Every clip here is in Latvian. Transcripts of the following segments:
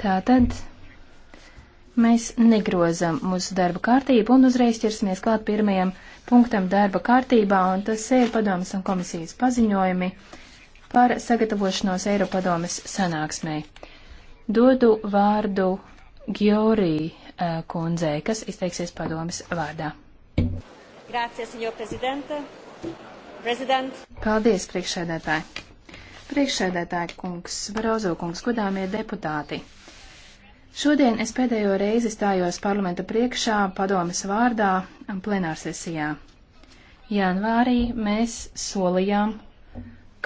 Tātad mēs negrozam mūsu darba kārtību un uzreiz ķersimies klāt pirmajam punktam darba kārtībā, un tas ir padomas un komisijas paziņojumi par sagatavošanos Eiropadomes sanāksmei. Dodu vārdu Giorī eh, kundzei, kas izteiksies padomas vārdā. Grācies, President. Paldies, priekšsēdētāji! Priekšsēdētāji kungs, Barozo kungs, godāmie deputāti! Šodien es pēdējo reizi stājos parlamenta priekšā padomas vārdā plenārsesijā. Janvārī mēs solījām,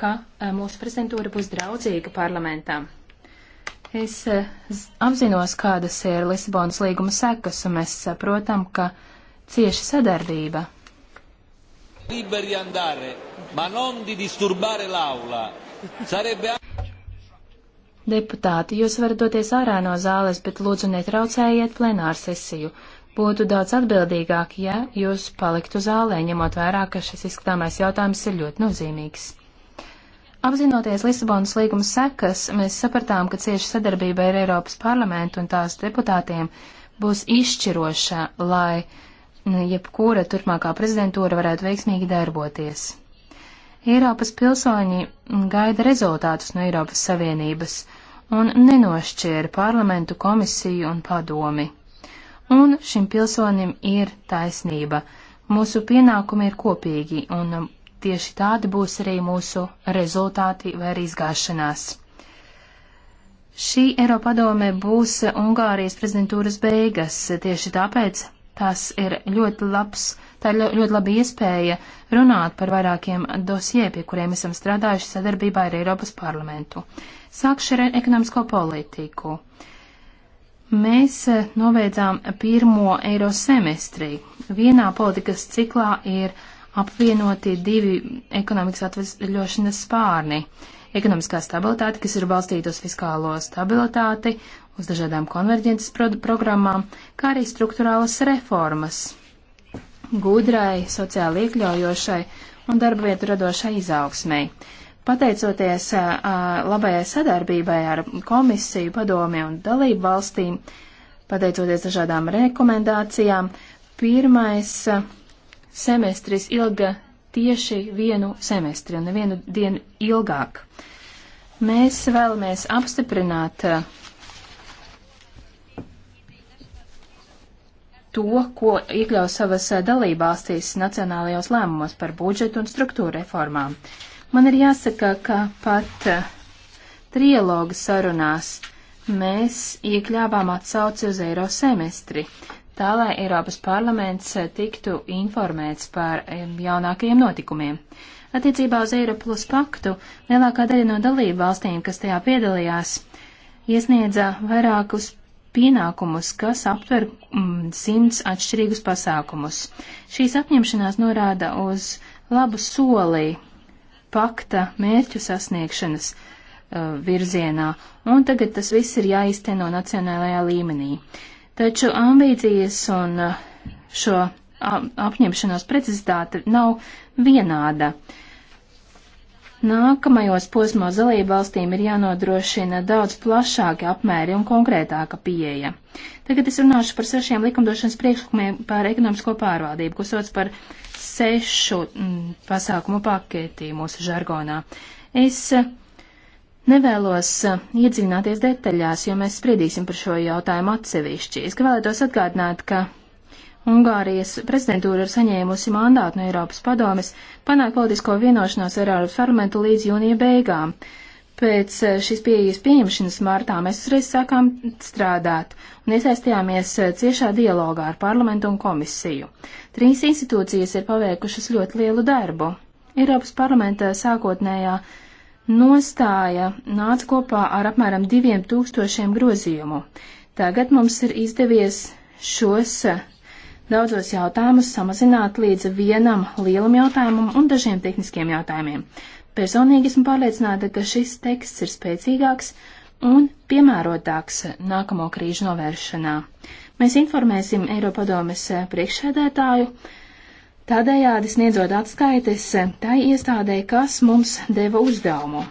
ka eh, mūsu prezidentūra būs draudzīga parlamentam. Es eh, apzinos, kādas ir Lisabonas līguma sekas, un mēs saprotam, ka cieši sadarbība. Liberi andare, ma non di disturbare l'aula. Sarebbe... Deputāti, jūs varat doties ārā no zāles, bet lūdzu netraucējiet plenāru sesiju. Būtu daudz atbildīgāk, ja jūs paliktu zālē, ņemot vērā, ka šis izskatāmais jautājums ir ļoti nozīmīgs. Apzinoties Lisabonas līguma sekas, mēs sapratām, ka cieša sadarbība ar Eiropas parlamentu un tās deputātiem būs izšķiroša, lai nu, jebkura turpmākā prezidentūra varētu veiksmīgi darboties. Eiropas pilsoņi gaida rezultātus no Eiropas Savienības un nenošķēra parlamentu komisiju un padomi. Un šim pilsonim ir taisnība. Mūsu pienākumi ir kopīgi, un tieši tādi būs arī mūsu rezultāti vai arī izgāšanās. Šī Eiropadome būs Ungārijas prezidentūras beigas, tieši tāpēc Tas ir ļoti labs, tā ir ļoti laba iespēja runāt par vairākiem dosie, pie kuriem esam strādājuši sadarbībā ar Eiropas parlamentu. Sākšu ar ekonomisko politiku. Mēs eh, noveidzām pirmo eiro semestrī. Vienā politikas ciklā ir apvienoti divi ekonomikas atvesļošanas spārni ekonomiskā stabilitāte, kas ir balstīta uz fiskālo stabilitāti, uz dažādām konverģences programmām, kā arī struktūrālas reformas gudrai, sociāli iekļaujošai un darba vietu radošai izaugsmai. Pateicoties uh, labajai sadarbībai ar komisiju, padomi un dalību valstīm, pateicoties dažādām rekomendācijām, pirmais uh, semestris ilga tieši vienu semestri un vienu dienu ilgāk. Mēs vēlamies apstiprināt uh, to, ko iekļaus savas eh, dalībvalstīs nacionālajos lēmumos par budžetu un struktūra reformām. Man ir jāsaka, ka pat eh, trialoga sarunās mēs iekļāvām atsauci uz eiro semestri, tā lai Eiropas parlaments eh, tiktu informēts par jaunākajiem notikumiem. Attiecībā uz Eiro plus paktu lielākā daļa no dalību valstīm, kas tajā piedalījās, iesniedza vairākus pienākumus, kas aptver mm, simts atšķirīgus pasākumus. Šīs apņemšanās norāda uz labu solī pakta mērķu sasniegšanas uh, virzienā, un tagad tas viss ir jāizteno nacionālajā līmenī. Taču ambīcijas un uh, šo apņemšanos precizitāte nav vienāda. Uh, Nākamajos posmos dalībvalstīm ir jānodrošina daudz plašāki apmēri un konkrētāka pieeja. Tagad es runāšu par sešiem likumdošanas priekšlikumiem par ekonomisko pārvaldību, ko sauc par sešu mm, pasākumu paketī mūsu žargonā. Es eh, nevēlos eh, iedziļināties detaļās, jo mēs spriedīsim par šo jautājumu atsevišķi. Es vēlētos atgādināt, ka Ungārijas prezidentūra ir saņēmusi mandātu no Eiropas padomes panākt politisko vienošanos ar Eiropas parlamentu līdz jūnija beigām. Pēc eh, šīs pieejas pieņemšanas martā mēs uzreiz sākām strādāt un iesaistījāmies eh, ciešā dialogā ar parlamentu un komisiju. Trīs institūcijas ir paveikušas ļoti lielu darbu. Eiropas parlamenta sākotnējā nostāja nāca kopā ar apmēram diviem tūkstošiem grozījumu. Tagad mums ir izdevies šos eh, daudzos jautājumus samazināt līdz vienam lielam jautājumam un dažiem tehniskiem jautājumiem. Personīgi esmu pārliecināta, ka šis teksts ir spēcīgāks un piemērotāks nākamo krīžu novēršanā. Mēs informēsim Eiropadomes priekšsēdētāju, tādējādi sniedzot atskaites tai iestādē, kas mums deva uzdevumu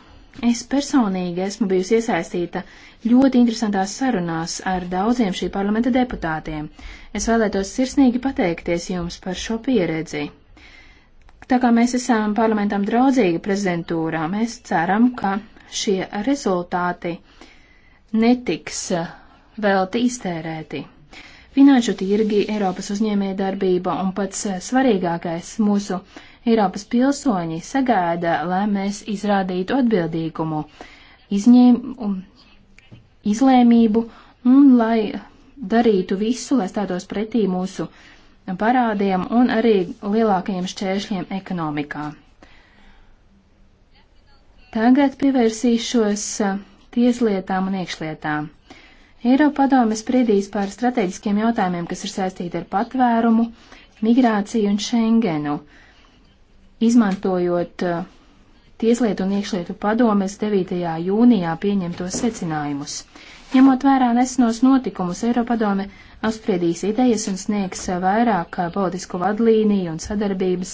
Es personīgi esmu bijusi iesaistīta ļoti interesantās sarunās ar daudziem šī parlamenta deputātiem. Es vēlētos sirsnīgi pateikties jums par šo pieredzi. Tā kā mēs esam parlamentam draudzīga prezidentūrā, mēs ceram, ka šie rezultāti netiks eh, velti iztērēti. Finanšu tirgi, Eiropas uzņēmējdarbība un pats eh, svarīgākais mūsu Eiropas pilsoņi sagaida, lai mēs izrādītu atbildīgumu, izņēm, um, izlēmību un lai darītu visu, lai stātos pretī mūsu parādiem un arī lielākajiem šķēršļiem ekonomikā. Tagad pievērsīšos uh, tieslietām un iekšlietām. Eiropadome spriedīs par strateģiskiem jautājumiem, kas ir saistīti ar patvērumu, migrāciju un Schengenu izmantojot uh, Tieslietu un iekšlietu padomes 9. jūnijā pieņemtos secinājumus. Ņemot vērā nesenos notikumus, Eiropadome apspriedīs idejas un sniegs uh, vairāk uh, politisku vadlīniju un sadarbības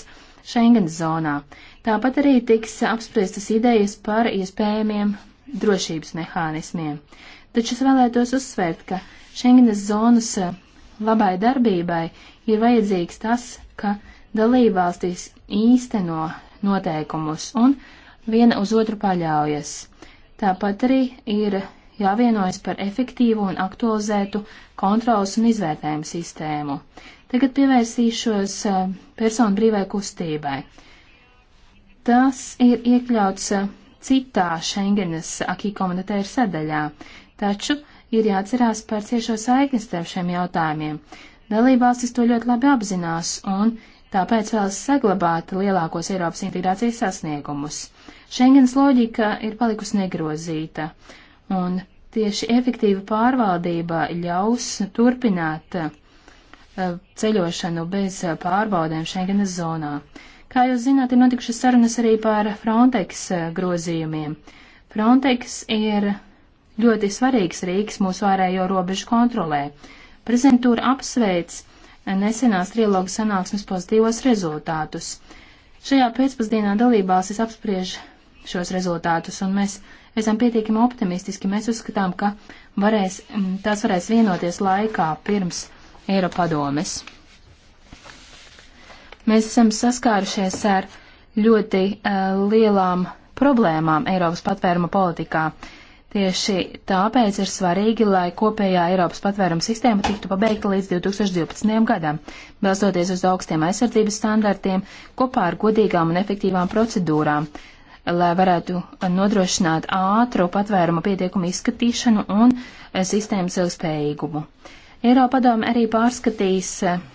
Schengens zonā. Tāpat arī tiks apspriestas idejas par iespējamiem drošības mehānismiem. Taču es vēlētos uzsvērt, ka Schengenes zonas labai darbībai ir vajadzīgs tas, ka dalībvalstis īsteno noteikumus un viena uz otru paļaujas. Tāpat arī ir jāvienojas par efektīvu un aktualizētu kontrolas un izvērtējumu sistēmu. Tagad pievērsīšos e, personu brīvai kustībai. Tas ir iekļauts e, citā Schengenas akī komunitēra sadaļā, taču ir jāatcerās par ciešo saikni starp šiem jautājumiem. Dalībvalstis to ļoti labi apzinās un tāpēc vēlas saglabāt lielākos Eiropas integrācijas sasniegumus. Šengens loģika ir palikusi negrozīta, un tieši efektīva pārvaldība ļaus turpināt eh, ceļošanu bez pārbaudēm Šengenas zonā. Kā jūs zināt, ir notikušas sarunas arī par Frontex eh, grozījumiem. Frontex ir ļoti svarīgs rīks mūsu ārējo robežu kontrolē. Prezentūra apsveic nesenās trilogu sanāksmes pozitīvos rezultātus. Šajā pēcpusdienā dalībvalstis apspriež šos rezultātus, un mēs esam pietiekami optimistiski. Mēs uzskatām, ka varēs, tās varēs vienoties laikā pirms Eiropadomes. Mēs esam saskārušies ar ļoti uh, lielām problēmām Eiropas patvēruma politikā. Uh, Tieši tāpēc ir svarīgi, lai kopējā Eiropas patvērums sistēma tiktu pabeigta līdz 2012. gadam, balstoties uz augstiem aizsardzības standartiem kopā ar godīgām un efektīvām procedūrām, lai varētu nodrošināt ātru patvēruma pietiekumu izskatīšanu un eh, sistēmas ilgspējīgumu. Eiropa padome arī pārskatīs, eh,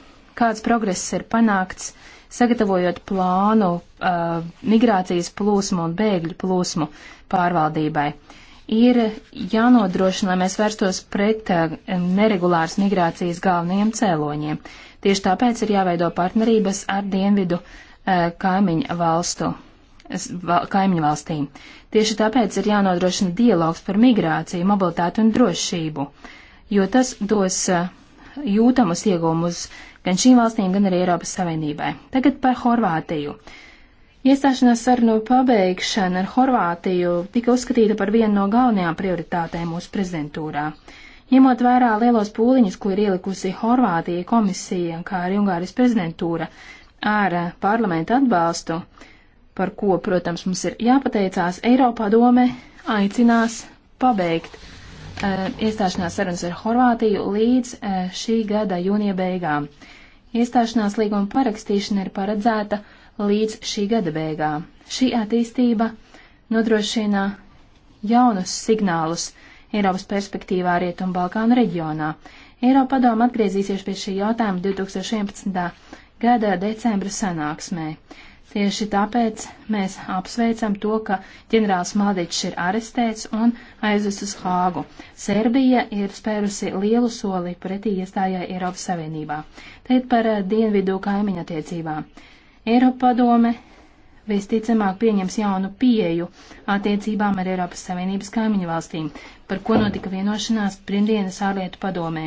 kāds progress ir panākts sagatavojot plānu uh, migrācijas plūsmu un bēgļu plūsmu pārvaldībai. Uh, ir jānodrošina, lai mēs vērstos pret eh, neregulāras migrācijas galvenajiem cēloņiem. Tieši tāpēc ir jāveido partnerības ar dienvidu eh, kaimiņu valstu. Kaimiņu valstīm. Tieši tāpēc ir jānodrošina dialogs par migrāciju, mobilitāti un drošību, jo tas dos eh, jūtamus iegūmus gan šīm valstīm, gan arī Eiropas Savienībai. Tagad par Horvātiju. Uh, Iestāšanās sarunu pabeigšana ar Horvātiju tika uzskatīta par vienu no galvenajām prioritātēm mūsu prezidentūrā. Ņemot vērā lielos pūliņus, ko ir ielikusi Horvātija komisija, kā arī Ungāris prezidentūra, ar parlamentu atbalstu, par ko, protams, mums ir jāpateicās, Eiropā dome aicinās pabeigt e, iestāšanās sarunas ar Horvātiju līdz e, šī gada jūnija beigām. Iestāšanās līguma parakstīšana ir paredzēta līdz šī gada beigām. Šī attīstība nodrošina jaunus signālus Eiropas perspektīvā Rietumbalkānu reģionā. Eiropa padoma atgriezīsies pie šī jautājuma 2011. gada decembra sanāksmē. Tieši tāpēc mēs apsveicam to, ka ģenerālis Mladičs ir arestēts un aizvests uz Hāgu. Serbija ir spērusi lielu soli pretī iestājai Eiropas Savienībā. Teikt par eh, dienvidu kaimiņu attiecībām. Eiropadome visticamāk pieņems jaunu pieeju attiecībām ar Eiropas Savienības kaimiņu valstīm, par ko notika vienošanās pirmdienas ārlietu padomē.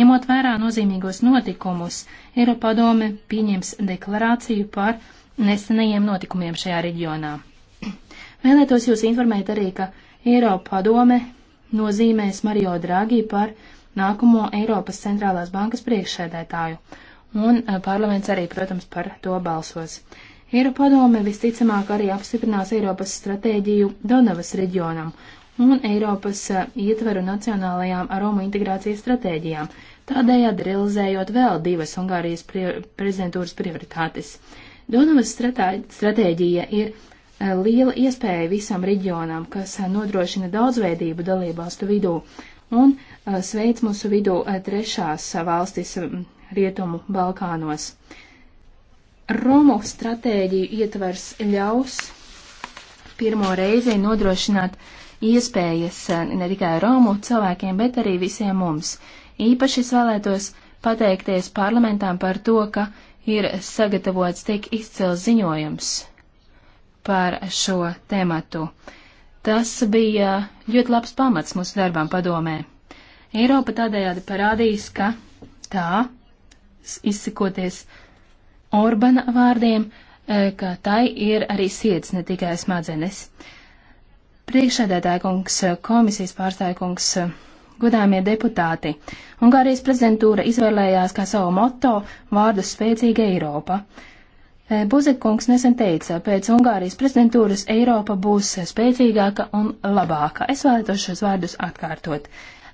Ņemot vērā nozīmīgos notikumus, Eiropadome pieņems deklarāciju par nesenajiem notikumiem šajā reģionā. Vēlētos jūs informēt arī, ka Eiropadome nozīmēs Mario Draghi par nākamo Eiropas centrālās bankas priekšsēdētāju un eh, parlaments arī, protams, par to balsos. Eiropadome visticamāk arī apstiprinās Eiropas stratēģiju Donavas reģionam un Eiropas eh, ietveru nacionālajām Romu integrācijas stratēģijām, tādējādi realizējot vēl divas Ungārijas prior prezidentūras prioritātes. Donavas stratēģija ir eh, liela iespēja visam reģionam, kas nodrošina daudzveidību dalībvalstu vidū un sveic mūsu vidū trešās valstis Rietumu Balkānos. Romu stratēģiju ietvers ļaus pirmo reizi nodrošināt iespējas eh, ne tikai Romu cilvēkiem, bet arī visiem mums. Īpaši es vēlētos pateikties parlamentām par to, ka ir sagatavots tik izcils ziņojums par šo tematu. Tas bija ļoti labs pamats mūsu darbām padomē. Eiropa tādējādi parādīs, ka tā izsakoties Orbana vārdiem, e, ka tai ir arī sirds, ne tikai smadzenes. Priekšsēdētāja kungs, e, komisijas pārstāja kungs, e, godāmie deputāti, Ungārijas prezidentūra izvēlējās kā savu moto vārdus spēcīga Eiropa. Buzekungs nesen teica, pēc Ungārijas prezidentūras Eiropa būs spēcīgāka un labāka. Es vēlētos šos vārdus atkārtot.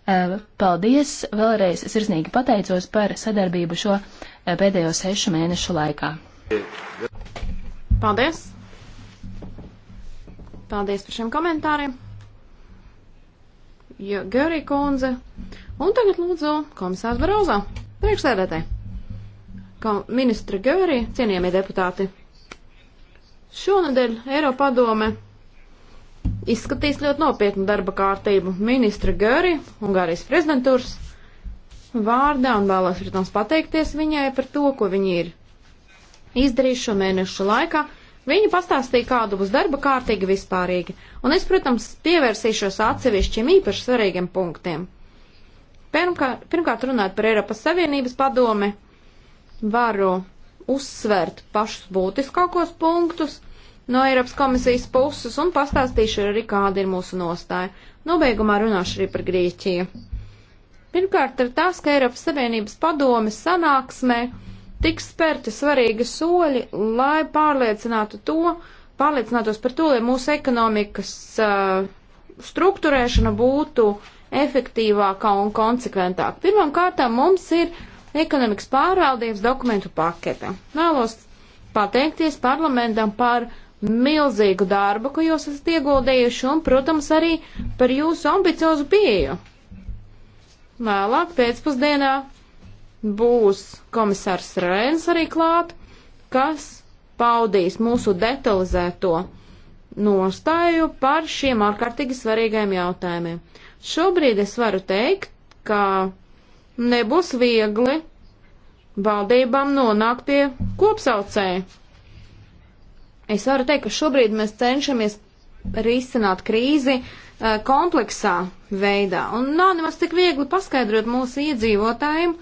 Eh, paldies! Vēlreiz sirsnīgi pateicos par sadarbību šo eh, pēdējo sešu mēnešu laikā. Paldies! Paldies par šiem komentāriem! Gerija kundze. Un tagad lūdzu komisārs Barozā, priekšsēdētē. Ministra Gerija, cienījamie deputāti. Šonadēļ Eiropadome izskatīs ļoti nopietnu darba kārtību ministra Gari, Ungārijas prezidentūras vārdā, un vēlos, protams, pateikties viņai par to, ko viņi ir izdarījuši šo mēnešu laikā. Viņa pastāstīja, kāda būs darba kārtīga vispārīgi, un es, protams, pievērsīšos atsevišķiem īpaši svarīgiem punktiem. Pirmkārt, pirmkārt runāt par Eiropas Savienības padomi, varu uzsvērt pašus būtiskākos punktus – no Eiropas komisijas puses un pastāstīšu arī, kāda ir mūsu nostāja. Nobeigumā runāšu arī par Grieķiju. Pirmkārt, ir tas, ka Eiropas Savienības padomes sanāksmē tiks spērti svarīgi soļi, lai pārliecinātu to, pārliecinātos par to, lai mūsu ekonomikas uh, struktūrēšana būtu efektīvākā un konsekventāka. Pirmam kārtām mums ir ekonomikas pārvaldības dokumentu pakete. Vēlos pateikties parlamentam par milzīgu darbu, ko jūs esat ieguldījuši, un, protams, arī par jūsu ambiciozu pieeju. Vēlāk pēcpusdienā būs komisārs Rēns arī klāt, kas paudīs mūsu detalizēto nostāju par šiem ārkārtīgi svarīgiem jautājumiem. Šobrīd es varu teikt, ka nebūs viegli valdībām nonākt pie kopsaucēja. Es varu teikt, ka šobrīd mēs cenšamies risināt krīzi eh, kompleksā veidā. Un nav nemaz tik viegli paskaidrot mūsu iedzīvotājiem,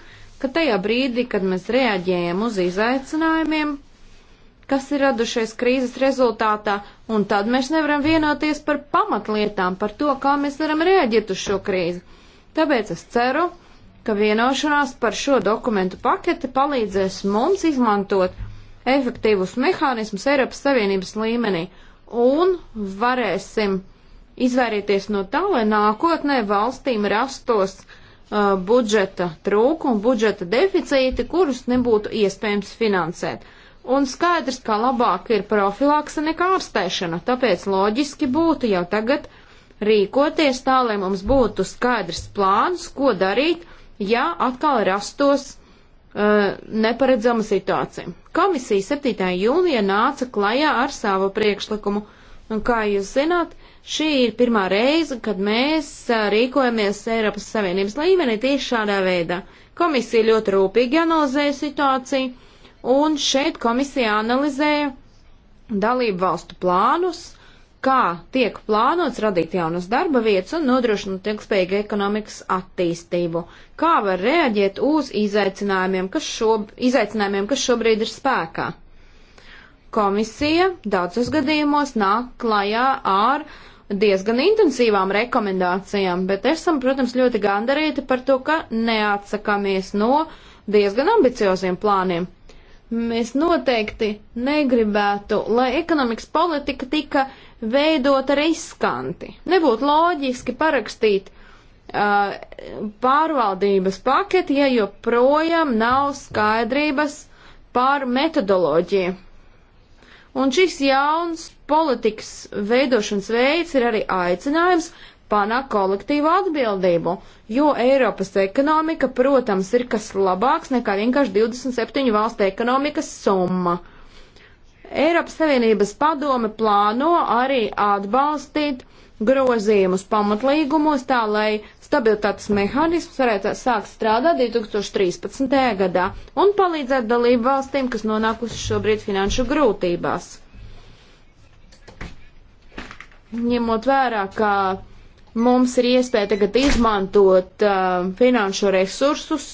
ka tajā brīdī, kad mēs reaģējam uz izaicinājumiem, kas ir radušies krīzes rezultātā, un tad mēs nevaram vienoties par pamatlietām, par to, kā mēs varam reaģēt uz šo krīzi. Tāpēc es ceru, ka vienošanās par šo dokumentu paketi palīdzēs mums izmantot efektīvus mehānismus Eiropas Savienības līmenī un varēsim izvairīties no tā, lai nākotnē valstīm rastos uh, budžeta trūkumi, budžeta deficīti, kurus nebūtu iespējams finansēt. Un skaidrs, ka labāk ir profilakse nekā ārstēšana, tāpēc loģiski būtu jau tagad rīkoties tā, lai mums būtu skaidrs plāns, ko darīt, ja atkal rastos Eh, neparedzama situācija. Komisija 7. jūlijā nāca klajā ar savu priekšlikumu, un kā jūs zināt, šī ir pirmā reize, kad mēs eh, rīkojamies Eiropas Savienības līmenī tieši šādā veidā. Komisija ļoti rūpīgi analizēja situāciju, un šeit komisija analizēja dalību valstu plānus, kā tiek plānots radīt jaunas darba vietas un nodrošināt ilgspējīgu ekonomikas attīstību, kā var reaģēt uz izaicinājumiem, kas, šob, izaicinājumiem, kas šobrīd ir spēkā. Komisija daudzos gadījumos nāk klajā ar diezgan intensīvām rekomendācijām, bet esam, protams, ļoti gandarīti par to, ka neatsakāmies no diezgan ambicioziem plāniem. Mēs noteikti negribētu, lai ekonomikas politika tika veidota riskanti. Nebūtu loģiski parakstīt uh, pārvaldības paketi, ja joprojām nav skaidrības par metodoloģiju. Un šis jauns politikas veidošanas veids ir arī aicinājums panākt kolektīvu atbildību, jo Eiropas ekonomika, protams, ir kas labāks nekā vienkārši 27 valstu ekonomikas summa. Eiropas Savienības padome plāno arī atbalstīt grozījumus pamatlīgumos tā, lai stabilitātes mehānisms varētu sākt strādāt 2013. gadā un palīdzēt dalību valstīm, kas nonākusi šobrīd finanšu grūtībās. Ņemot vērā, ka Mums ir iespēja tagad izmantot uh, finanšu resursus,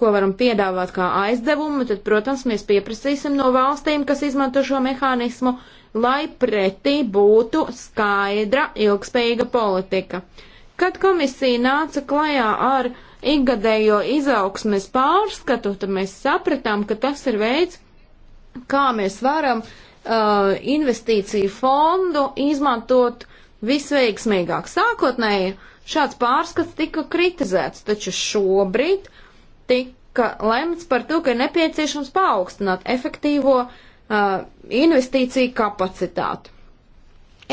ko varam piedāvāt kā aizdevumu, tad, protams, mēs pieprasīsim no valstīm, kas izmanto šo mehānismu, lai pretī būtu skaidra, ilgspējīga politika. Kad komisija nāca klajā ar ikgadējo izaugsmes pārskatu, tad mēs sapratām, ka tas ir veids, kā mēs varam uh, investīciju fondu izmantot visveiksmīgāk. Sākotnēji šāds pārskats tika kritizēts, taču šobrīd tika lemts par to, ka ir nepieciešams paaugstināt efektīvo uh, investīciju kapacitāti.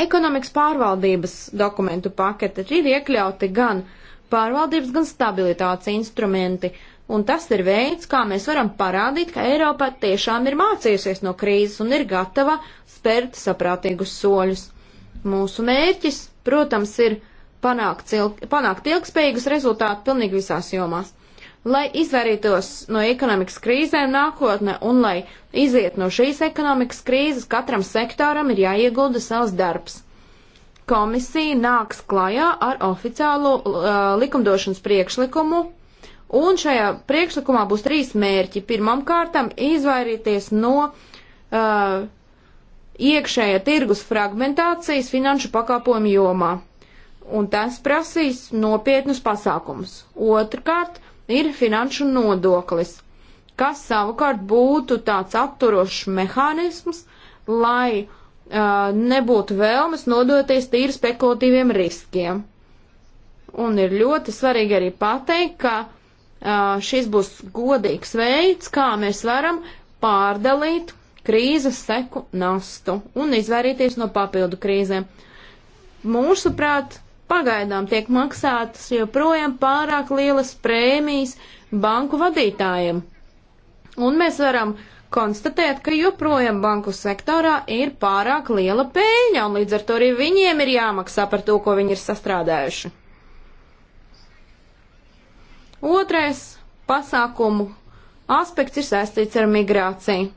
Ekonomikas pārvaldības dokumentu pakete ir iekļauti gan pārvaldības, gan stabilitātes instrumenti, un tas ir veids, kā mēs varam parādīt, ka Eiropa tiešām ir mācījusies no krīzes un ir gatava spērt saprātīgus soļus. Mūsu mērķis, protams, ir panākt, cilk, panākt ilgspējīgus rezultātus pilnīgi visās jomās. Lai izvairītos no ekonomikas krīzēm nākotnē un lai iziet no šīs ekonomikas krīzes, katram sektoram ir jāiegulda savs darbs. Komisija nāks klajā ar oficiālu uh, likumdošanas priekšlikumu Un šajā priekšlikumā būs trīs mērķi. Pirmam kārtam izvairīties no uh, iekšējā tirgus fragmentācijas finanšu pakāpojumu jomā. Un tas prasīs nopietnus pasākumus. Otrkārt ir finanšu nodoklis, kas savukārt būtu tāds apturošs mehānisms, lai uh, nebūtu vēlmes nodoties tīri spekulatīviem riskiem. Un ir ļoti svarīgi arī pateikt, ka uh, šis būs godīgs veids, kā mēs varam pārdalīt krīzes seku nastu un izvairīties no papildu krīzēm. Mūsuprāt, pagaidām tiek maksātas joprojām pārāk lielas prēmijas banku vadītājiem. Un mēs varam konstatēt, ka joprojām banku sektorā ir pārāk liela peļņa, un līdz ar to arī viņiem ir jāmaksā par to, ko viņi ir sastrādājuši. Otrais pasākumu aspekts ir saistīts ar migrāciju.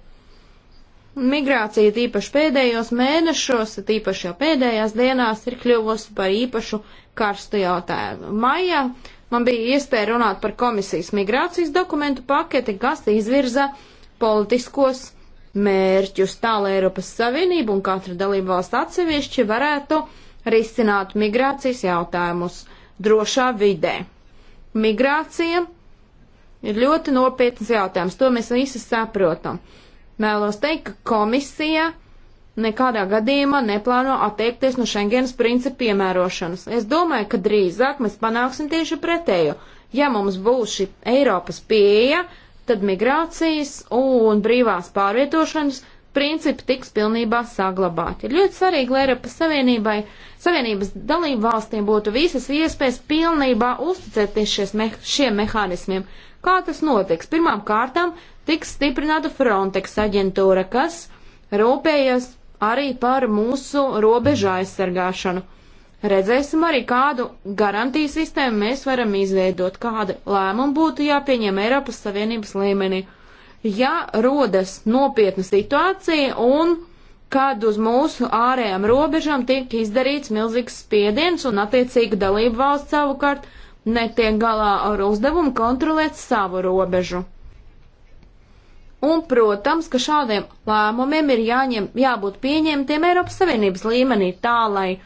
Migrācija tīpaši pēdējos mēnešos, tīpaši jau pēdējās dienās ir kļuvusi par īpašu karstu jautājumu. Maijā man bija iespēja runāt par komisijas migrācijas dokumentu paketi, kas izvirza politiskos mērķus tā, lai Eiropas Savienība un katra dalība valsts atsevišķi varētu risināt migrācijas jautājumus drošā vidē. Migrācija ir ļoti nopietnas jautājums, to mēs visi saprotam. Mēlos teikt, ka komisija nekādā gadījumā neplāno atteikties no Schengenas principu piemērošanas. Es domāju, ka drīzāk mēs panāksim tieši pretējo. Ja mums būs šī Eiropas pieeja, tad migrācijas un brīvās pārvietošanas principi tiks pilnībā saglabāti. Ir ļoti svarīgi, lai Eiropas Savienībai, Savienības dalību valstīm būtu visas iespējas pilnībā uzticēties me šiem mehānismiem. Kā tas notiks? Pirmām kārtām tiks stiprināta Frontex aģentūra, kas rūpējas arī par mūsu robežu aizsargāšanu. Redzēsim arī, kādu garantiju sistēmu mēs varam izveidot, kāda lēmuma būtu jāpieņem Eiropas Savienības līmenī. Ja rodas nopietna situācija un kad uz mūsu ārējām robežām tiek izdarīts milzīgs spiediens un attiecīgi dalību valsts savukārt netiek galā ar uzdevumu kontrolēt savu robežu. Un, protams, ka šādiem lēmumiem ir jāņem, jābūt pieņemtiem Eiropas Savienības līmenī tā, lai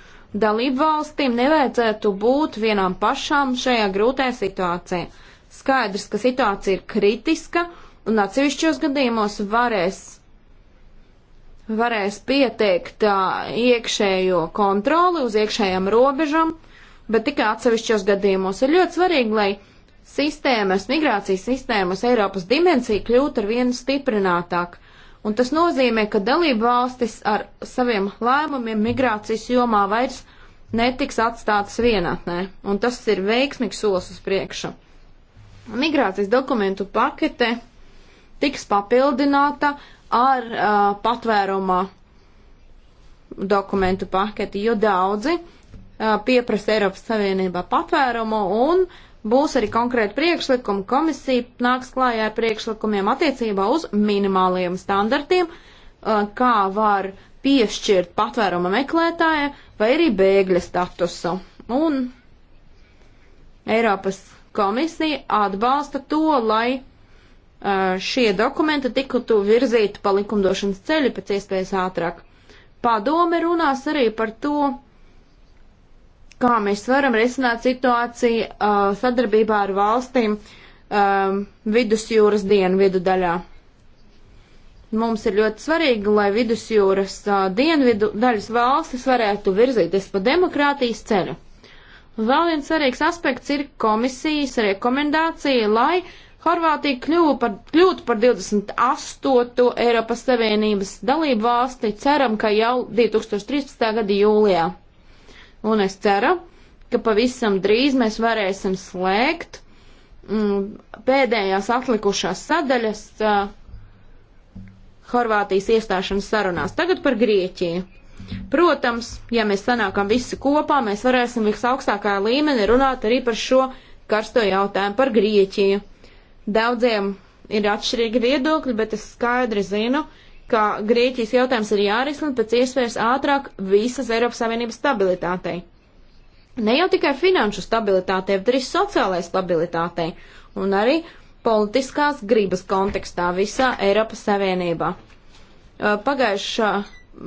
dalību valstīm nevajadzētu būt vienām pašām šajā grūtajā situācijā. Skaidrs, ka situācija ir kritiska un atsevišķos gadījumos varēs, varēs pieteikt uh, iekšējo kontroli uz iekšējām robežām, bet tikai atsevišķos gadījumos ir ļoti svarīgi, lai sistēmas, migrācijas sistēmas Eiropas dimensija kļūt ar vienu stiprinātāk. Un tas nozīmē, ka dalību valstis ar saviem lēmumiem migrācijas jomā vairs netiks atstātas vienatnē, un tas ir veiksmīgs solis uz priekšu. Migrācijas dokumentu pakete tiks papildināta ar uh, patvērumā dokumentu paketi, jo daudzi uh, pieprasa Eiropas Savienībā patvērumu un uh, Būs arī konkrēti priekšlikumi, komisija nāks klājā ar priekšlikumiem attiecībā uz minimāliem standartiem, kā var piešķirt patvēruma meklētāja vai arī bēgļa statusu. Un Eiropas komisija atbalsta to, lai šie dokumenti tiktu virzīti pa likumdošanas ceļu pēc iespējas ātrāk. Padome runās arī par to, kā mēs varam risināt situāciju uh, sadarbībā ar valstīm uh, vidusjūras dienvidu daļā. Mums ir ļoti svarīgi, lai vidusjūras uh, dienvidu daļas valstis varētu virzīties pa demokrātijas ceļu. Vēl viens svarīgs aspekts ir komisijas rekomendācija, lai Horvātija kļuvu par, kļūtu par 28. Eiropas Savienības dalību valsti, ceram, ka jau 2013. gada jūlijā un es ceru, ka pavisam drīz mēs varēsim slēgt mm, pēdējās atlikušās sadaļas uh, Horvātijas iestāšanas sarunās. Tagad par Grieķiju. Protams, ja mēs sanākam visi kopā, mēs varēsim visaugstākā līmenī runāt arī par šo karsto jautājumu par Grieķiju. Daudziem ir atšķirīgi viedokļi, bet es skaidri zinu, uh, ka Grieķijas jautājums ir jārisina pēc iespējas ātrāk visas Eiropas Savienības stabilitātei. Ne jau tikai finanšu stabilitātei, bet arī sociālajai stabilitātei un arī politiskās gribas kontekstā visā Eiropas Savienībā. Uh, pagājušā,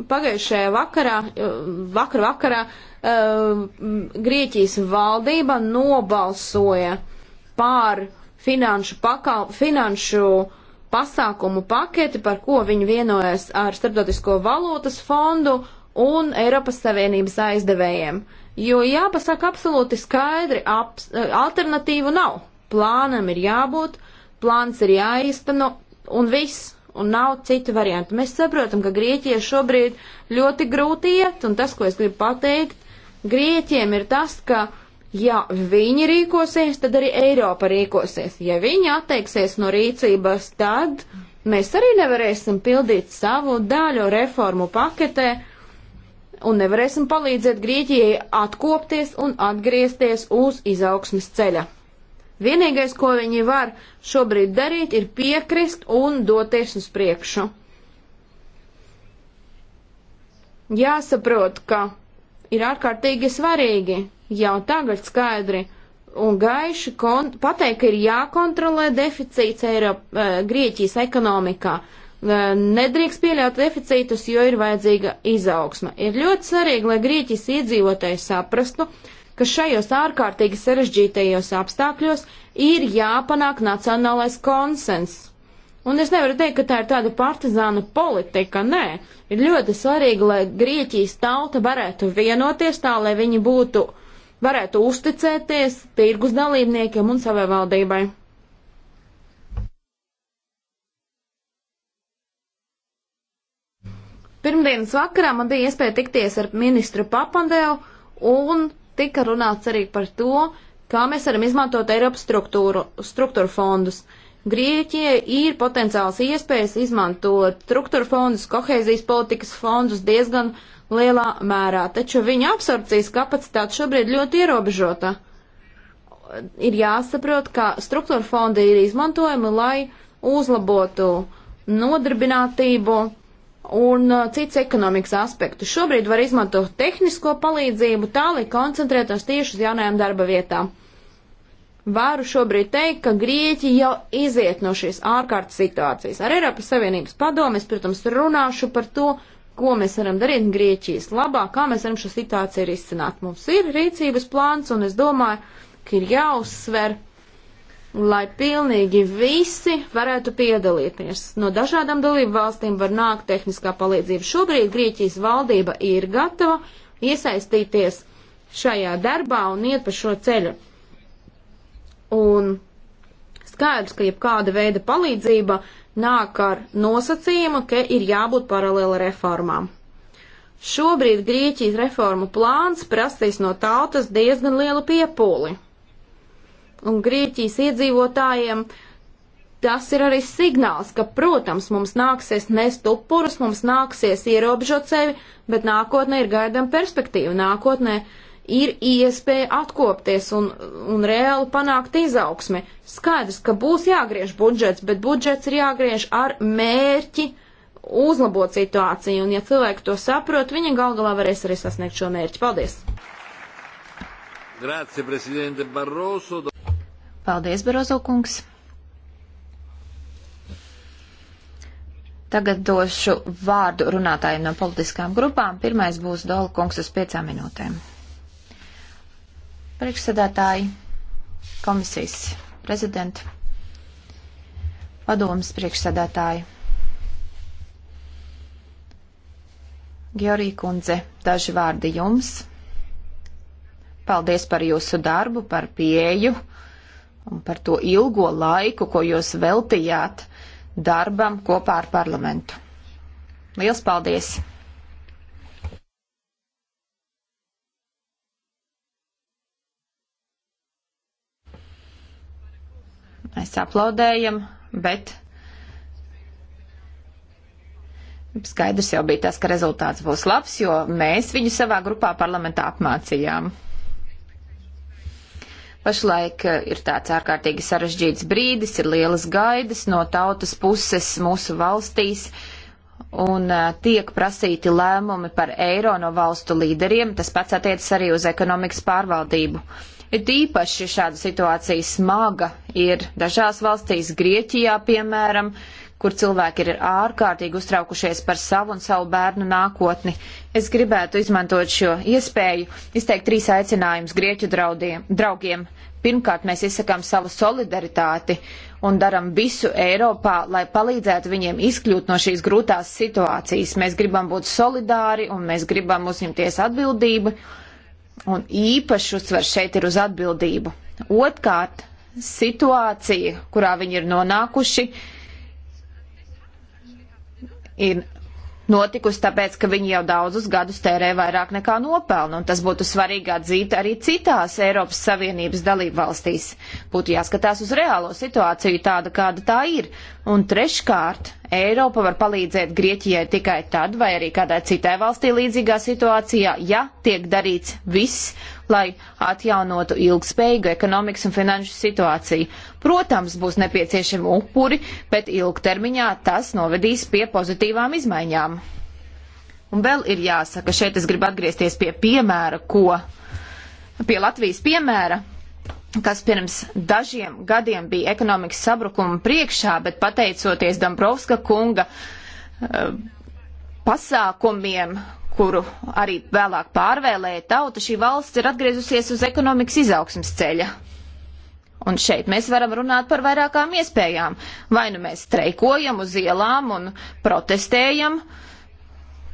pagājušajā vakarā, uh, vakar vakarā uh, Grieķijas valdība nobalsoja pār finanšu pakalpojumu, finanšu uh, pasākumu paketi, par ko viņi vienojas ar Starptautisko valūtas fondu un Eiropas Savienības aizdevējiem. Jo jāpasaka absolūti skaidri, aps, eh, alternatīvu nav. Plānam ir jābūt, plāns ir jāīsteno un viss, un nav citu variantu. Mēs saprotam, ka Grieķija šobrīd ļoti grūti iet, un tas, ko es gribu pateikt, Grieķiem ir tas, ka Ja viņi rīkosies, tad arī Eiropa rīkosies. Ja viņi atteiksies no rīcības, tad mēs arī nevarēsim pildīt savu daļu reformu paketē un nevarēsim palīdzēt Grieķijai atkopties un atgriezties uz izaugsmes ceļa. Vienīgais, ko viņi var šobrīd darīt, ir piekrist un doties uz priekšu. Jāsaprot, ka ir ārkārtīgi svarīgi jau tagad skaidri un gaiši pateikt, ka ir jākontrolē deficīts Eiropa, uh, eh, Grieķijas ekonomikā. Uh, nedrīkst pieļaut deficītus, jo ir vajadzīga izaugsme. Ir ļoti svarīgi, lai Grieķijas iedzīvotāji saprastu, ka šajos ārkārtīgi sarežģītajos apstākļos ir jāpanāk nacionālais konsens. Un es nevaru teikt, ka tā ir tāda partizāna politika, nē. Ir ļoti svarīgi, lai Grieķijas tauta varētu vienoties tā, lai viņi būtu uh, varētu uzticēties tirgus dalībniekiem un savai valdībai. Pirmdienas vakarā man bija iespēja tikties ar ministru Papandēlu un tika runāts arī par to, kā mēs varam izmantot Eiropas struktūru, struktūru fondus. Grieķijai ir potenciāls iespējas izmantot struktūru fondus, kohēzijas politikas fondus diezgan lielā mērā, taču viņa absorpcijas kapacitāte šobrīd ļoti ierobežota. Ir jāsaprot, ka struktūra fondi ir izmantojami, lai uzlabotu nodarbinātību un uh, cits ekonomikas aspektu. Šobrīd var izmantot tehnisko palīdzību tā, lai koncentrētos tieši uz jaunajām darba vietām. Varu šobrīd teikt, ka Grieķi jau iziet no šīs ārkārtas situācijas. Ar Eiropas Savienības padomis, protams, runāšu par to, ko mēs varam darīt Grieķijas labā, kā mēs varam šo situāciju risināt. Mums ir rīcības plāns, un es domāju, ka ir jāuzsver, lai pilnīgi visi varētu piedalīties. No dažādām dalību valstīm var nākt tehniskā palīdzība. Šobrīd Grieķijas valdība ir gatava iesaistīties šajā darbā un iet pa šo ceļu. Un skaidrs, ka jebkāda veida palīdzība uh, nāk ar nosacījumu, ka ir jābūt paralēli reformām. Šobrīd Grieķijas reformu plāns prasīs no tautas diezgan lielu piepūli. Un Grieķijas iedzīvotājiem tas ir arī signāls, ka, protams, mums nāksies nest upurus, mums nāksies ierobežot sevi, bet nākotnē ir gaidām perspektīva. Nākotnē uh, ir iespēja atkopties un, un reāli panākt izaugsmi. Skaidrs, ka būs jāgriež budžets, bet budžets ir jāgriež ar mērķi uzlabot situāciju, un ja cilvēki to saprot, viņi gal galā varēs arī sasniegt šo mērķi. Paldies! Grazie, prezidente Barroso. Paldies, Barozo kungs! Tagad došu vārdu runātājiem no politiskām grupām. Pirmais būs Dola kungs uz piecām minūtēm. Priekšsēdētāji, komisijas prezidenta, padomas priekšsēdētāji, Georgija kundze, daži vārdi jums. Paldies par jūsu darbu, par pieeju un par to ilgo laiku, ko jūs veltījāt darbam kopā ar parlamentu. Liels paldies! Mēs aplaudējam, bet skaidrs jau bija tas, ka rezultāts būs labs, jo mēs viņu savā grupā parlamentā apmācījām. Pašlaik eh, ir tāds ārkārtīgi sarežģīts brīdis, ir lielas gaidas no tautas puses mūsu valstīs un eh, tiek prasīti lēmumi par eiro no valstu līderiem. Tas pats attiecas arī uz ekonomikas pārvaldību. Uh, It īpaši šāda situācija smaga ir dažās valstīs, Grieķijā piemēram, kur cilvēki ir ārkārtīgi uztraukušies par savu un savu bērnu nākotni. Es gribētu izmantot šo iespēju, izteikt trīs aicinājumus Grieķu draudiem, draugiem. Pirmkārt, mēs izsakām savu solidaritāti un daram visu Eiropā, lai palīdzētu viņiem izkļūt no šīs grūtās situācijas. Mēs gribam būt solidāri un mēs gribam uzņemties atbildību Un īpaši uzsver šeit ir uz atbildību. Otkārt, situācija, kurā viņi ir nonākuši, ir notikusi tāpēc, ka viņi jau daudzus gadus tērē vairāk nekā nopelna, un tas būtu svarīgi atzīt arī citās Eiropas Savienības dalību valstīs. Būtu jāskatās uz reālo situāciju tāda, kāda tā ir, Un treškārt, Eiropa var palīdzēt Grieķijai tikai tad, vai arī kādai citai valstī līdzīgā situācijā, ja tiek darīts viss, lai atjaunotu ilgspējīgu ekonomikas un finanšu situāciju. Protams, būs nepieciešami upuri, bet ilgtermiņā tas novedīs pie pozitīvām izmaiņām. Un vēl ir jāsaka, šeit es gribu atgriezties pie piemēra, ko pie Latvijas piemēra, kas pirms dažiem gadiem bija ekonomikas sabrukuma priekšā, bet pateicoties Dombrovska kunga uh, pasākumiem, kuru arī vēlāk pārvēlēja tauta, šī valsts ir atgriezusies uz ekonomikas izaugsmas ceļa. Un šeit mēs varam runāt par vairākām iespējām. Vai nu mēs streikojam uz ielām un protestējam,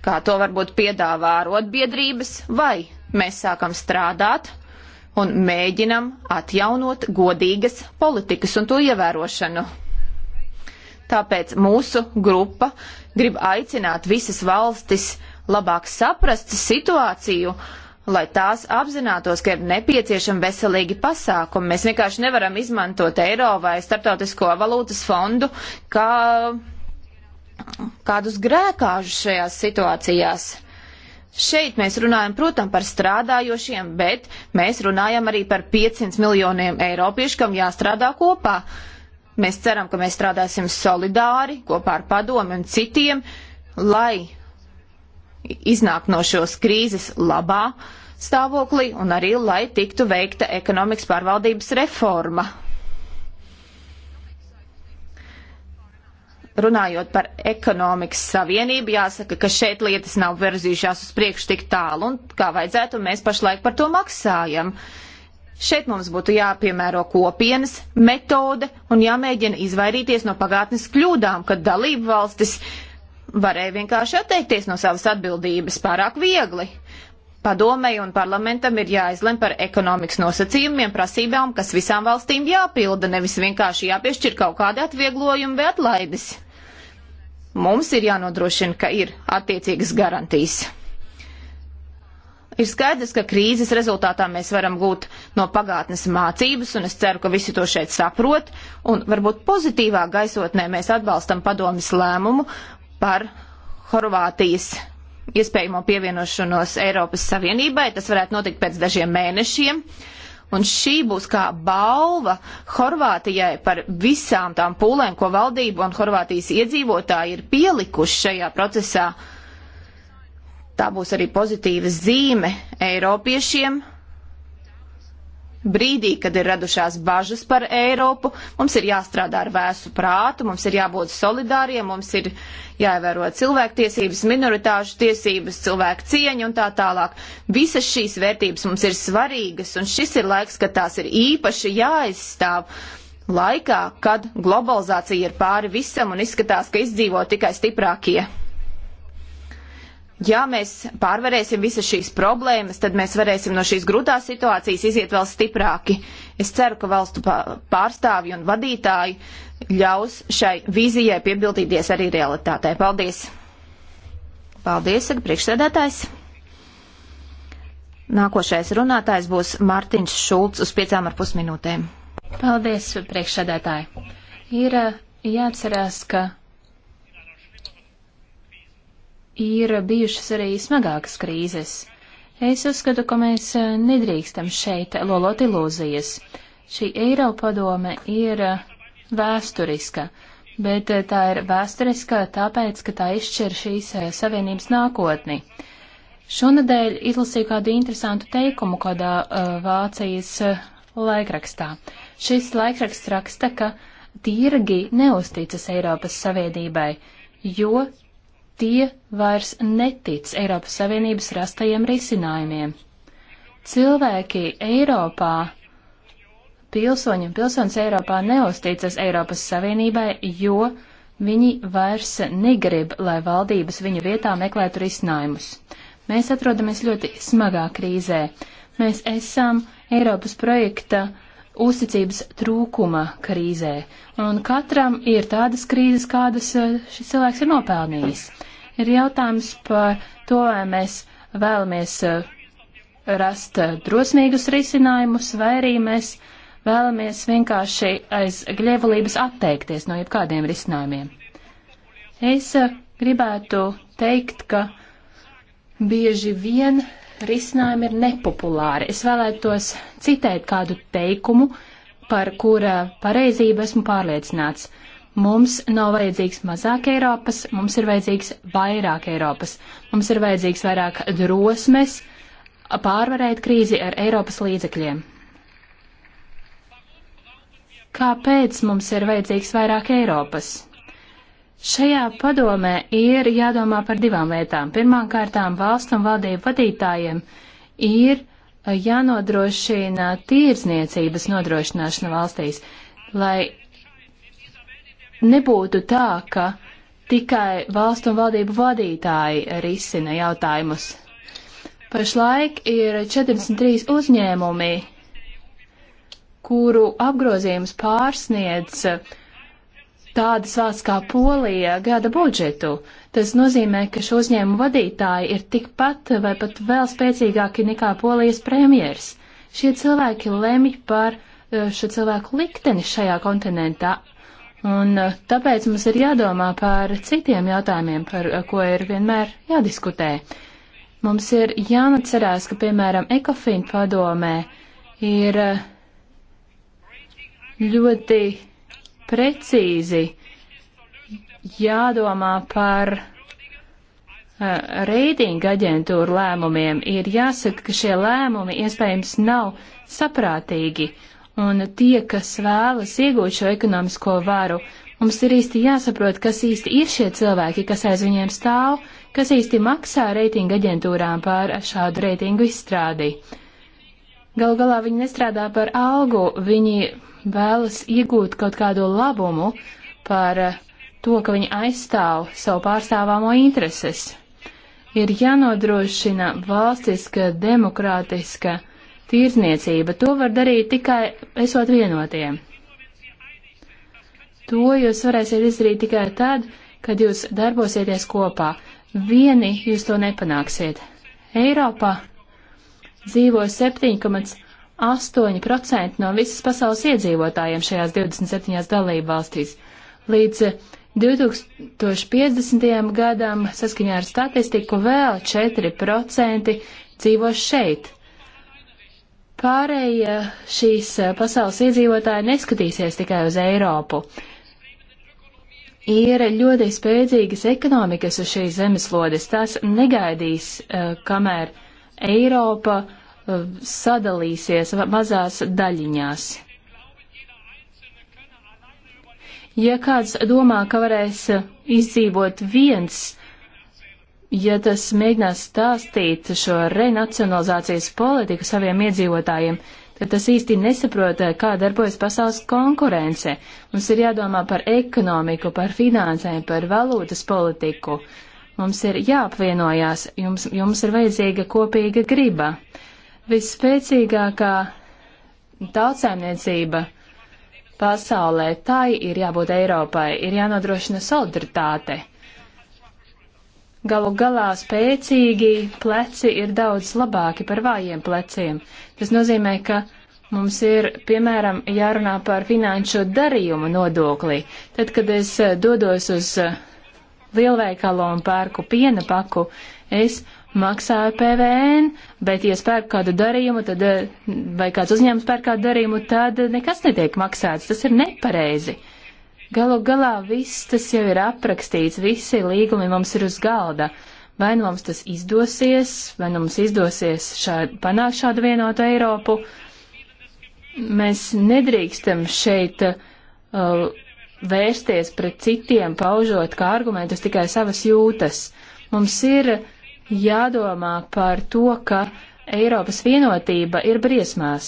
kā to varbūt piedāvā arotbiedrības, vai mēs sākam strādāt un mēģinam atjaunot godīgas politikas un to ievērošanu. Tāpēc mūsu grupa grib aicināt visas valstis labāk saprast situāciju, lai tās apzinātos, ka ir nepieciešami veselīgi pasākumi. Mēs vienkārši nevaram izmantot eiro vai starptautisko valūtas fondu kā kādus grēkāžus šajās situācijās. Šeit mēs runājam, protams, par strādājošiem, bet mēs runājam arī par 500 miljoniem eiropiešu, kam jāstrādā kopā. Mēs ceram, ka mēs strādāsim solidāri kopā ar padomu un citiem, lai iznāk no šos krīzes labā stāvoklī un arī, lai tiktu veikta ekonomikas pārvaldības reforma. runājot par ekonomikas savienību, jāsaka, ka šeit lietas nav verzījušās uz priekšu tik tālu, un kā vajadzētu, mēs pašlaik par to maksājam. Šeit mums būtu jāpiemēro kopienas metode un jāmēģina izvairīties no pagātnes kļūdām, kad dalību valstis varēja vienkārši atteikties no savas atbildības pārāk viegli. Padomei un parlamentam ir jāizlem par ekonomikas nosacījumiem, prasībām, kas visām valstīm jāpilda, nevis vienkārši jāpiešķir kaut kādi atvieglojumi vai atlaides mums ir jānodrošina, ka ir attiecīgas garantijas. Ir skaidrs, ka krīzes rezultātā mēs varam gūt no pagātnes mācības, un es ceru, ka visi to šeit saprot, un varbūt pozitīvā gaisotnē mēs atbalstam padomis lēmumu par Horvātijas iespējamo pievienošanos Eiropas Savienībai. Tas varētu notikt pēc dažiem mēnešiem. Uh, Un šī būs kā balva Horvātijai par visām tām pūlēm, ko valdība un Horvātijas iedzīvotāji ir pielikuši šajā procesā. Tā būs arī pozitīva zīme Eiropiešiem brīdī, kad ir radušās bažas par Eiropu, mums ir jāstrādā ar vēsu prātu, mums ir jābūt solidāriem, mums ir jāievēro cilvēktiesības, minoritāšu tiesības, cilvēku cieņa un tā tālāk. Visas šīs vērtības mums ir svarīgas, un šis ir laiks, kad tās ir īpaši jāizstāv. Laikā, kad globalizācija ir pāri visam un izskatās, ka izdzīvo tikai stiprākie. Ja mēs pārvarēsim visas šīs problēmas, tad mēs varēsim no šīs grūtās situācijas iziet vēl stiprāki. Es ceru, ka valstu pārstāvji un vadītāji ļaus šai vīzijai piebildīties arī realitātē. Paldies! Paldies, saka priekšsēdētājs. Nākošais runātājs būs Mārtiņš Šulcs uz piecām ar pusminūtēm. Paldies, priekšsēdētāji. Ir uh, jāatcerās, ka ir bijušas arī smagākas krīzes. Es uzskatu, ka mēs e, nedrīkstam šeit lolot ilūzijas. Šī Eiropa padome ir e, vēsturiska, bet e, tā ir vēsturiska tāpēc, ka tā izšķir šīs savienības nākotni. Šonadēļ izlasīju kādu interesantu teikumu kādā uh, Vācijas uh, laikrakstā. Šis laikraksts raksta, ka tirgi neusticas Eiropas Savienībai, jo Tie vairs netic Eiropas Savienības rastajiem risinājumiem. Cilvēki Eiropā, pilsoņi un pilsonis Eiropā neusticas Eiropas Savienībai, jo viņi vairs negrib, lai valdības viņu vietā meklētu risinājumus. Mēs atrodamies ļoti smagā krīzē. Mēs esam Eiropas projekta uh, uzticības trūkuma krīzē, un katram ir tādas krīzes, kādas eh, šis cilvēks ir nopelnījis. Ir jautājums par to, vai mēs vēlamies eh, rast eh, drosmīgus risinājumus, vai arī mēs vēlamies vienkārši aiz gļievalības atteikties no jebkādiem risinājumiem. Es gribētu teikt, ka bieži vien risinājumi ir nepopulāri. Es vēlētos citēt kādu teikumu, par kura pareizību esmu pārliecināts. Mums nav vajadzīgs mazāk Eiropas, mums ir vajadzīgs vairāk Eiropas. Mums ir vajadzīgs vairāk drosmes pārvarēt krīzi ar Eiropas līdzekļiem. Kāpēc mums ir vajadzīgs vairāk Eiropas? Šajā padomē ir jādomā par divām lietām. Pirmām kārtām valstu un valdību vadītājiem ir eh, jānodrošina tīrzniecības nodrošināšana valstīs, lai nebūtu tā, ka tikai valstu un valdību vadītāji risina jautājumus. Pašlaik ir 43 uzņēmumi, kuru apgrozījums pārsniedz uh, tādas valsts kā Polija gada budžetu. Tas nozīmē, ka šo uzņēmumu vadītāji ir tikpat vai pat vēl spēcīgāki nekā Polijas premjers. Šie cilvēki lemj par eh, šo cilvēku likteni šajā kontinentā. Un eh, tāpēc mums ir jādomā par citiem jautājumiem, par eh, ko ir vienmēr jādiskutē. Mums ir jāatcerās, ka, piemēram, Ekofīna padomē ir ļoti precīzi jādomā par eh, reitinga aģentūru lēmumiem ir jāsaka, ka šie lēmumi iespējams nav saprātīgi, un tie, kas vēlas iegūt šo ekonomisko varu, mums ir īsti jāsaprot, kas īsti ir šie cilvēki, kas aiz viņiem stāv, kas īsti maksā reitinga aģentūrām par šādu reitingu izstrādi. Galu galā viņi nestrādā par algu, viņi vēlas iegūt kaut kādu labumu par eh, to, ka viņi aizstāv savu pārstāvāmo intereses. Ir jānodrošina valstiska, demokrātiska tirzniecība. To var darīt tikai esot vienotiem. To jūs varēsiet izdarīt tikai tad, kad jūs darbosieties kopā. Vieni jūs to nepanāksiet. Eiropā dzīvo 7,8% no visas pasaules iedzīvotājiem šajās 27 dalībvalstīs. Līdz 2050. Eh, gadam, saskaņā ar statistiku, vēl 4% dzīvo šeit. Pārējie šīs eh, pasaules iedzīvotāji neskatīsies tikai uz Eiropu. Ir ļoti spēcīgas ekonomikas uz šīs zemeslodes. Tās negaidīs, eh, kamēr Eiropa sadalīsies mazās daļiņās. Ja kāds domā, ka varēs uh, izdzīvot viens, ja tas mēģinās stāstīt šo renacionalizācijas politiku saviem iedzīvotājiem, tad tas īsti nesaprot, uh, kā darbojas pasaules konkurence. Mums ir jādomā par ekonomiku, par finansēm, par valūtas politiku. Mums ir jāapvienojās, jums, jums ir vajadzīga kopīga griba. Visspēcīgākā tautsēmniecība pasaulē, tai ir jābūt Eiropai, ir jānodrošina solidaritāte. Galu galā spēcīgi pleci ir daudz labāki par vājiem pleciem. Tas nozīmē, ka mums ir, piemēram, jārunā par finanšu darījumu nodoklī. Tad, kad es dodos uz lielveikalu un pērku piena paku, es maksāju PVN, bet, ja spērk kādu darījumu, tad, eh, vai kāds uzņēmums spērk kādu darījumu, tad nekas netiek maksāts. Tas ir nepareizi. Galu galā viss tas jau ir aprakstīts, visi līgumi mums ir uz galda. Vai nu mums tas izdosies, vai nu mums izdosies šād, panākt šādu vienotu Eiropu, mēs nedrīkstam šeit uh, vērsties pret citiem, paužot kā argumentus tikai savas jūtas. Mums ir uh, jādomā par to, ka Eiropas vienotība ir briesmās.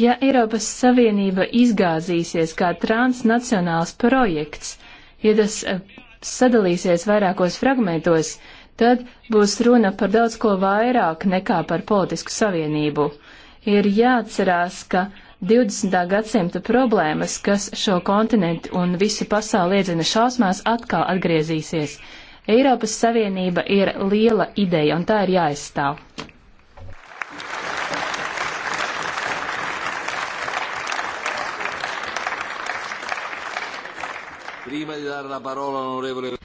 Ja Eiropas Savienība izgāzīsies kā transnacionāls projekts, ja tas eh, sadalīsies vairākos fragmentos, tad būs runa par daudz ko vairāk nekā par politisku savienību. Ir jāatcerās, ka 20. gadsimta problēmas, kas šo kontinentu un visu pasauli iedzina šausmās, atkal atgriezīsies. Eiropas Savienība ir liela ideja, un tā ir jāizstāv. Prima di dare la parola all'onorevole